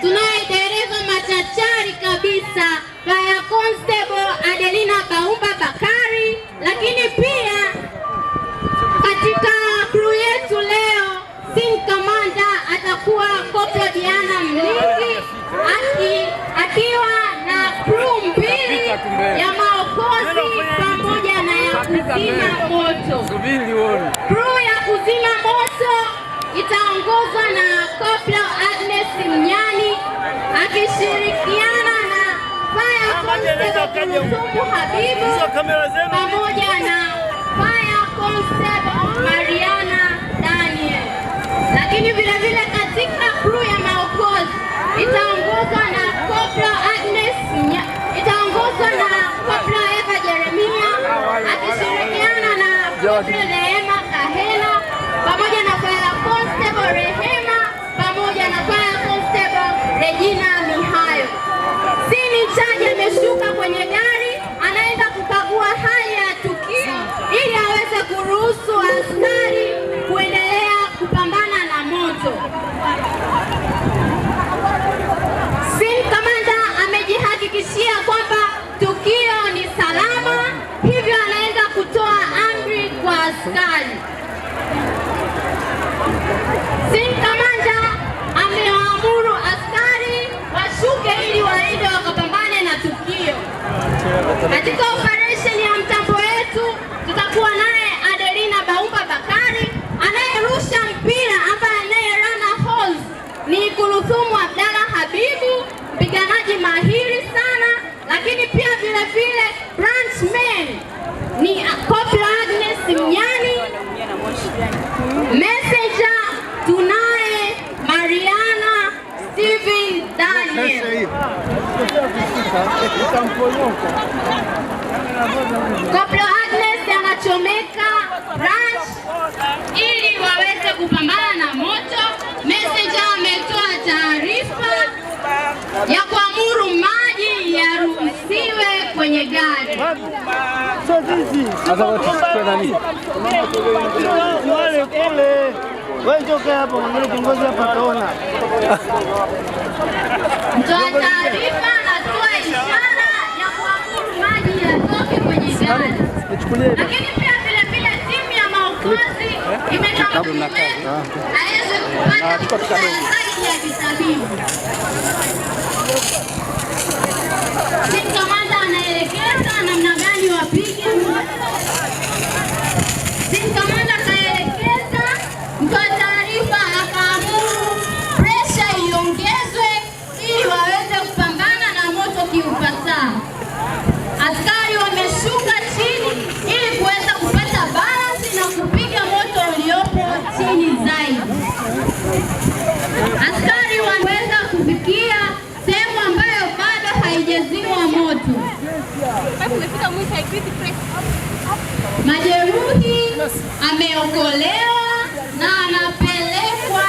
Tunaye dereva machachari kabisa kaya Constable Adelina Kaumba Bakari, lakini pia katika crew yetu leo team commander atakuwa Koplo Diana Mlingi aki, akiwa na crew mbili ya maokozi pamoja na ya kuzima moto itaongozwa na Koplo Agnes Mnyani akishirikiana na Fayauugu Habibu pamoja na Faya Concept Mariana Daniel, lakini vilevile katika kru ya maokozi itaongozwa na Koplo Agnes itaongozwa na Koplo Eva Jeremia akishirikiana na Koplo Neema for it. Katika operesheni ya mtambo wetu tutakuwa naye Adelina Baumba Bakari, anayerusha mpira ambaye anayerana holes ni Kuruthumu Abdalla Habibu, mpiganaji mahiri sana, lakini pia vile vile branchman ni Kopla Agnes Mnyani. Messenger tunaye Mariana Steve Koplo Agnes anachomeka branch ili waweze kupambana na moto. Meseja ametoa taarifa ya kuamuru maji yaruhusiwe kwenye gari. Mtoa taarifa lakini pia vilevile timu ya Maokozi eh? imekabidhiwa aweze ah, eh, kupata haki ya kitabibu. Kamanda anaelekeza namna gani wapige ameokolewa na anapelekwa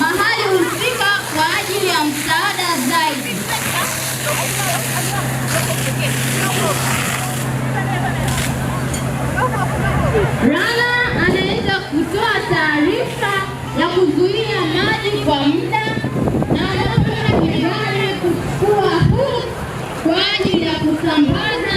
mahali hufika kwa ajili ya msaada zaidi. Rana anaweza kutoa taarifa ya kuzuia maji kwa muda na anapenda kibali kuchukua huu kwa ajili ya kusambaza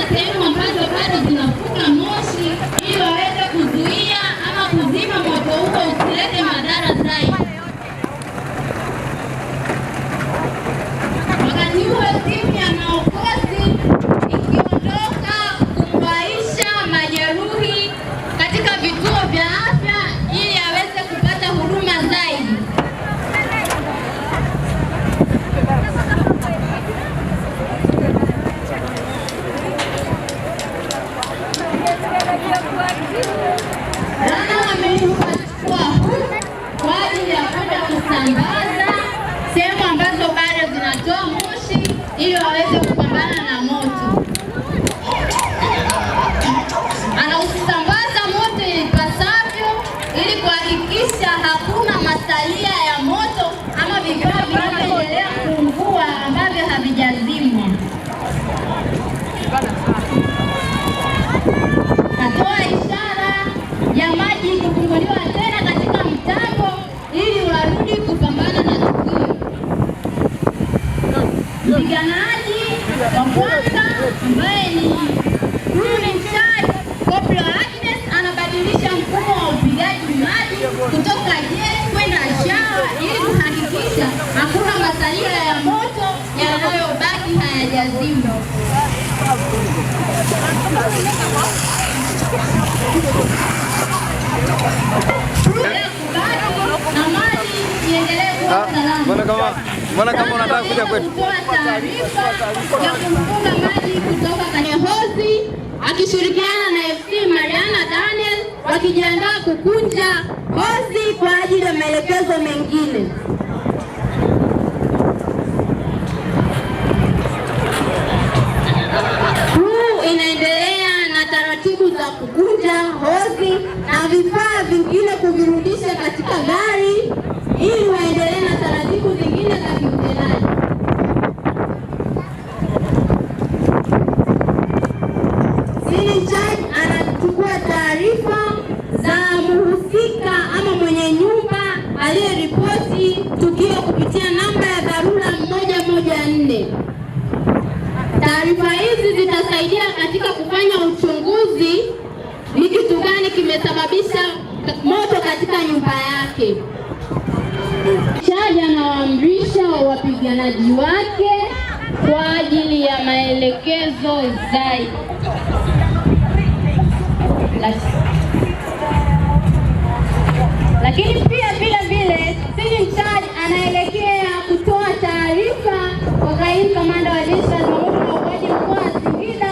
一路来。kwanza ambaye ni Rooney Chad Koplo Agnes anabadilisha mfumo wa upigaji maji kutoka jet kwenda shawa ili kuhakikisha hakuna masalia ya moto yanayobaki hayajazimwa. Kubaki na maji iendelee kuwa salama. Mbona kama unataka kuja kwetu? Taarifa ya kumfunga maji kutoka kwenye hozi akishirikiana na FC Mariana Daniel wakijiandaa kukunja hozi kwa ajili ya maelekezo mengine. Huu inaendelea na taratibu za kukunja hozi na vifaa vingine kuvirudisha moto katika nyumba yake. Shadi anawaamrisha wapiganaji wake kwa ajili ya maelekezo zaidi. Lakini pia vile vile Sidi Mtadi anaelekea kutoa taarifa kwa kaimu kamanda wa jeshi